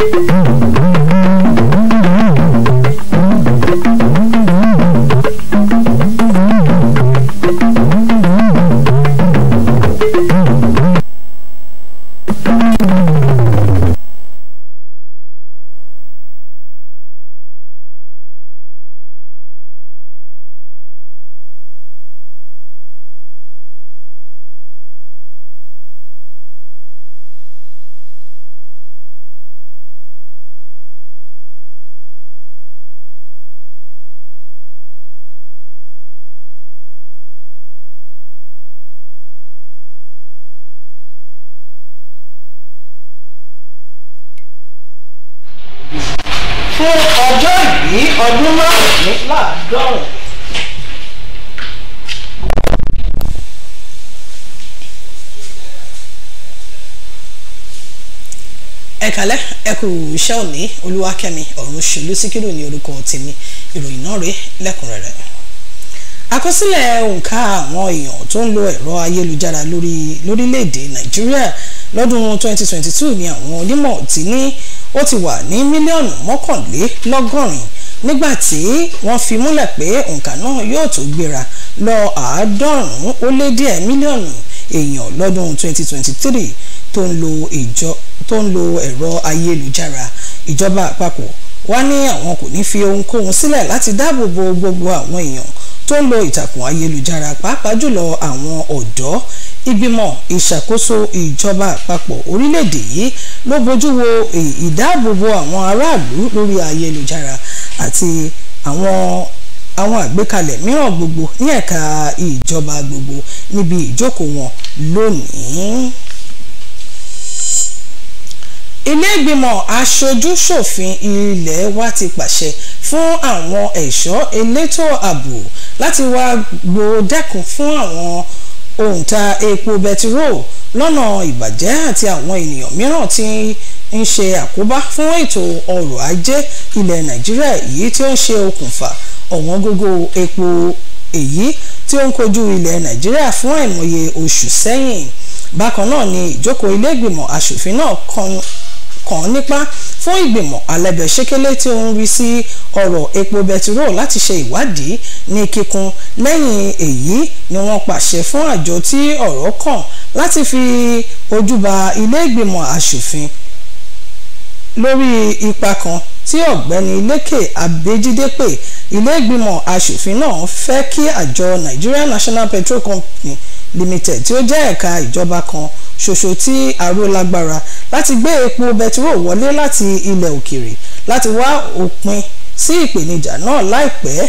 Música fún ọjọ́ ìbí ọdún márùndínláàádọ́rùn. ẹ kálẹ́ ẹ kú iṣẹ́ òní olúwakẹ́mi ọ̀run ṣèlú síkírù ní orúkọ tèmi ìròyìn náà rèé lẹ́kùnrẹ́rẹ́ àkọsílẹ̀ òǹkà àwọn èèyàn tó ń lo ẹ̀rọ ayélujára lórílẹ̀‐èdè nàìjíríà lọ́dún 2022 ni àwọn onímọ̀ ti ní ó ti wà ní mílíọ̀nù mọ́kànlélọ́gọ́rin nígbà tí wọ́n fi múlẹ̀ pé òǹkà náà yóò tó gbéra lọ àádọ́rùn-ún ó lé díẹ̀ mílíọ̀nù èèyàn lọ́dún 2023 tó ń lo ìjọ tó ń lo ẹ̀rọ ayélujára ìjọba àpapọ̀ wá ní àwọn kò ní fi ohunkóhun sílẹ̀ láti dáàbò bo gbogbo àwọn èèyàn tó ń lo ìtàkùn ayélujára pàápàá jùlọ àwọn ọ̀dọ́ ìgbìmọ̀ ìṣàkóso ìjọba àpapọ̀ orílẹ̀-èdè yìí ló bójú wo ìdáàbòbò àwọn aráàlú lórí ayélujára àti àwọn àwọn àgbékalẹ̀ mìíràn gbogbo ní ẹ̀ka ìjọba gbogbo níbi ìjókòó wọn lónìí ilé ìgbìmọ̀ aṣojú-ṣòfin ilé wa ti pàṣẹ fún àwọn ẹ̀ṣọ́ elétò ààbò láti wá gbòó dẹ́kun fún àwọn òǹtà epo bẹtiró lọ́nà ìbàjẹ́ àti àwọn ènìyàn mìíràn tí ń ṣe àkóbá fún ètò ọrọ̀ ajé ilẹ̀ nàìjíríà èyí tí ó ń ṣe okùnfà ọ̀wọ́n gógó epo èyí tí ó ń kojú ilẹ̀ nàìjíríà fún àìmọye oṣù sẹ́yìn bákan náà ni ìjókòó ilé ìgbìmọ̀ asòfin náà kàn nípa fún ìgbìmọ̀ alẹ́bẹ̀ ṣékélé tí ó ń rí sí ọ̀rọ̀ epo bẹtiró láti ṣe ìwádìí ní kíkún lẹ́yìn èyí ni wọ́n pàṣẹ fún àjọ tí ọ̀rọ̀ kàn láti fi ojú ba ilé ìgbìmọ̀ aṣòfin lórí ipa kan tí ọ̀gbẹ́ni lékè abéjídé pé ilé ìgbìmọ̀ aṣòfin náà fẹ́ kí àjọ Nigeria National Petrol Company limited tí ó jẹ́ ẹ̀ka ìjọba kan ṣoṣo tí aró lágbára láti gbé epo bẹtiró wọlé láti ilẹ̀ òkèrè láti wá òpin sí ìpèníjà náà láìpẹ́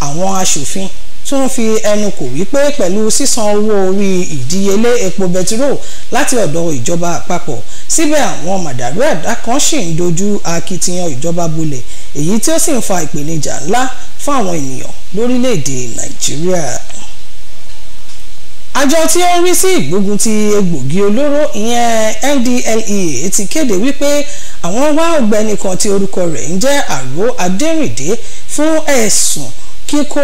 àwọn aṣòfin tún fi ẹnu kò wípé pẹ̀lú sísan owó orí ìdíyelé epo bẹtiró láti ọ̀dọ̀ ìjọba àpapọ̀ síbẹ̀ àwọn màdàrú ẹ̀dá kan ṣì ń dojú akitiyan ìjọba bolẹ̀ èyí tí ó sì ń fa ìpèníjà ńlá fún àwọn ènìyàn lórílẹ̀ nàìjíríà àjọ tí ó ń rí sí ìgbógun ti egbògi olóró ìyẹn NDLEA ti kéde wípé àwọn wá ọ̀gbẹ́ni kan tí orúkọ rẹ̀ ń jẹ́ Àró Adérìndé fún ẹ̀sùn kíkó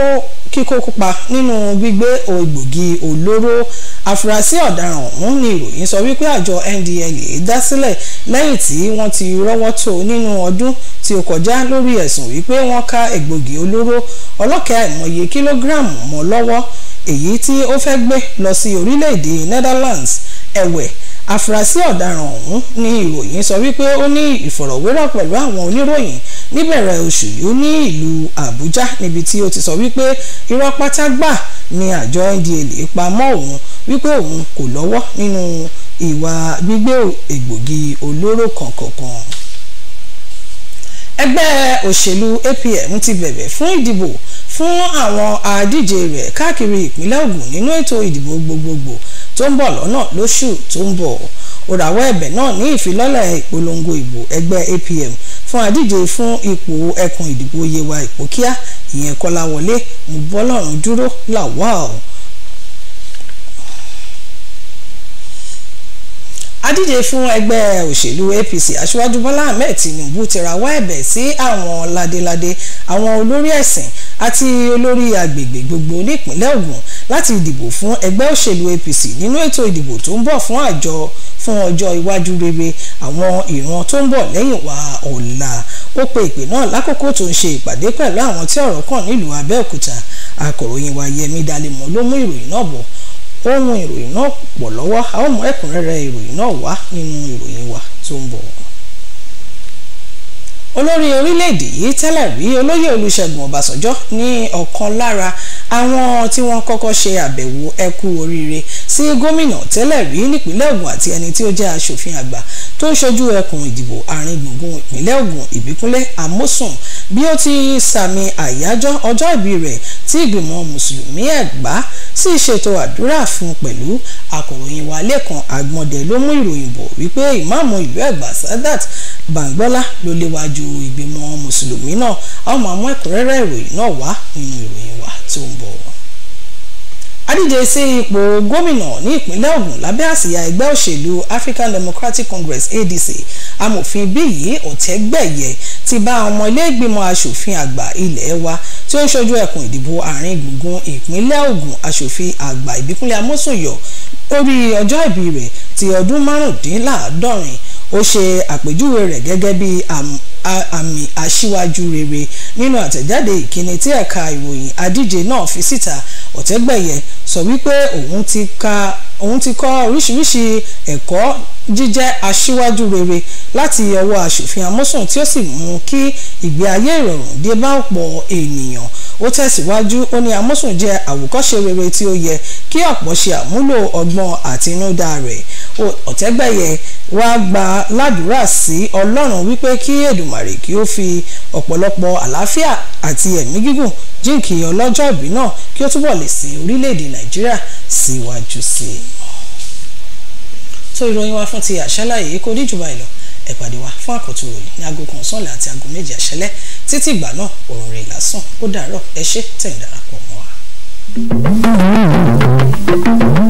kíkó kópa nínú gbígbé egbògi olóró afurasí ọ̀daràn ọ̀hún ni ìròyìn sọ wípé àjọ NDLEA dá sílẹ̀ lẹ́yìn tí wọ́n ti rọ́wọ́ tó nínú ọdún tí ó kọjá lórí ẹ̀sùn wípé wọ́n ká egbògi olóró ọlọ́kẹ́ àìmọye kílógíráàmù mọ́ lọ́wọ́ èyí tí ó fẹ́ gbé lọ sí orílẹ̀-èdè Netherlands ẹ̀wẹ̀ afurasí ọ̀daràn ọ̀hún ní ìròyìn sọ wípé ó ní ìfọ̀rọ̀wérọ̀ pẹ̀lú àwọn oníròyìn níbẹ̀rẹ̀ oṣù yìí ní ìlú Àbújá níbi tí ó ti sọ wípé irọ́ pátá gbà ni àjọ NDLEA pa mọ́ òun wípé òun kò lọ́wọ́ nínú ìwà gbígbé egbògi olóró kankankan ẹgbẹ́ òṣèlú APM ti bẹ̀bẹ̀ fún ìdìbò fún àwọn adíje rẹ̀ káàkiri ìpínlẹ̀ Ògùn nínú ètò ìdìbò gbogbogbò tó ń bọ̀ lọ́nà lóṣù tó ń bọ̀ ó rawọ́ ẹ̀bẹ̀ náà ní ìfilọ́lẹ̀ ìpolongo ìbò ẹgbẹ́ APM fún adíje fún ipò ẹkùn ìdìbò Yewa Ìpókíà ìyẹn Kọ́láwọlé Mọ́bọ́lọ́run dúró Lawal adíje fún ẹgbẹ́ òṣèlú APC aṣíwájú Bọ́lá Ahmed Tinubu ti rawọ́ ẹ̀bẹ̀ sí àwọn ládéládé àwọn olórí ẹ̀sìn àti olórí agbègbè gbogbo nípínlẹ̀ Ògùn láti dìbò fún ẹgbẹ́ òṣèlú APC nínú ètò ìdìbò tó ń bọ̀ fún àjọ fún ọjọ́ iwájú rere àwọn ìran tó ń bọ̀ lẹ́yìn wa ọ̀la ó pe ìpè náà lákòókò tó ń ṣe ìpàdé pẹ̀lú àwọn tí ọ̀rọ̀ kàn nílùú Abẹ́òkúta akọ̀ròyìn wa Yẹmí Dalemọ̀ ló mú ìròyìn náà bọ̀ ohun ìròyìn náà pọ̀ lọ́wọ́ a ó mú ẹ̀kúnrẹ́rẹ́ ìròyìn náà wá nínú ìròyìn wa tó ń bọ̀ olórí orílẹ̀-èdè yìí tẹ́lẹ̀ rí olóyè olùṣègùn ọbásanjọ́ ní ọ̀kan lára àwọn tí wọ́n kọ́kọ́ ṣe àbẹ̀wò ẹkú oríire sí gómìnà tẹ́lẹ̀ rí nípínlẹ̀ Ògùn àti ẹni tí ó jẹ́ aṣòfin àgbà tó ń ṣojú ẹkùn ìdìbò àárín gbùngbùn ìpínlẹ̀ Ògùn Ìbíkúnlé Amósùn bí ó ti sàmì àyájọ́ ọjọ́ ìbí rẹ̀ tí ìgbìmọ̀ mùsùlùmí Ẹ̀gbá sì ṣètò àdúrà fún un pẹ̀lú akọ̀ròyìn wa lẹ́kan àgbọ̀ndẹ ló mú ìròyìn bọ̀ wípé ìmáàmù ìlú ẹ̀gbá sadat bàǹgbọ́lá ló léwájú ìgbìmọ̀ mùsùlùmí náà àwọn máa ẹ̀kúnrẹ́rẹ́ ìròyìn náà wá nínú ìròyìn wa tó ń bọ̀ adíje sí ipò gómìnà ní ìpínlẹ̀ Ògùn lábẹ́ àsìyà ẹgbẹ́ òṣèlú African Democratic Congress ADC amòfin Bíyì Ọ̀tẹ́gbẹ̀yẹ ti bá ọmọ ilé ìgbìmọ̀ asòfin àgbà ilé wa tí ó ṣojú ẹkùn ìdìbò àárín gbùngbùn ìpínlẹ̀ Ògùn aṣòfin àgbà Ìbíkúnlẹ̀ Amósùnyọ̀ lórí ọjọ́ ìbí rẹ̀ ti ọdún márùndínláàádọ́rin ó ṣe àpèjúwe rẹ̀ gẹ́gẹ́ bí àmì aṣíwájú rere nínú àtẹ̀jáde ìkíni tí ẹ̀ka ìròyìn adíje náà fi síta ọ̀tẹ́gbẹ̀yẹ sọ wípé òun ti ka òun ti kọ́ oríṣiríṣi ẹ̀kọ́ jíjẹ́ aṣíwájú rere láti ọwọ́ aṣòfin Amósùn tí ó sì mú kí ìgbé ayé ìrọ̀rùn dé bá ọ̀pọ̀ ènìyàn ó tẹ̀síwájú ó ní Amósùn jẹ́ àwòkọ́ṣe rere tí ó yẹ kí ọ̀pọ̀ ṣe àmúlò ọgbọ́n àtinúdá rẹ̀ ọ̀tẹ́gbẹ̀yẹ wá gba ládùúrà sí ọlọ́run wípé kí èdùmàrè kí ó fi ọ̀pọ̀lọpọ̀ àlàáfíà àti ẹ̀mí gígùn jíǹkì ọlọ́jọ́ ìbí náà kí ó túbọ̀ lè sin orílẹ̀-èdè nàìjíríà síwájú sí i. tó ìròyìn wa fún ti àṣálàyé kò ní jùbá ìlọ ẹ pàdé wa fún àkọ́tún ìròyìn ní aago kan sọ́ọ̀lẹ̀ àti aago méje àṣálẹ́ títí ìgbà náà òun rè lásán ó dàárọ̀ ẹ ṣé tẹ̀ ń darapọ̀ mọ́ wa.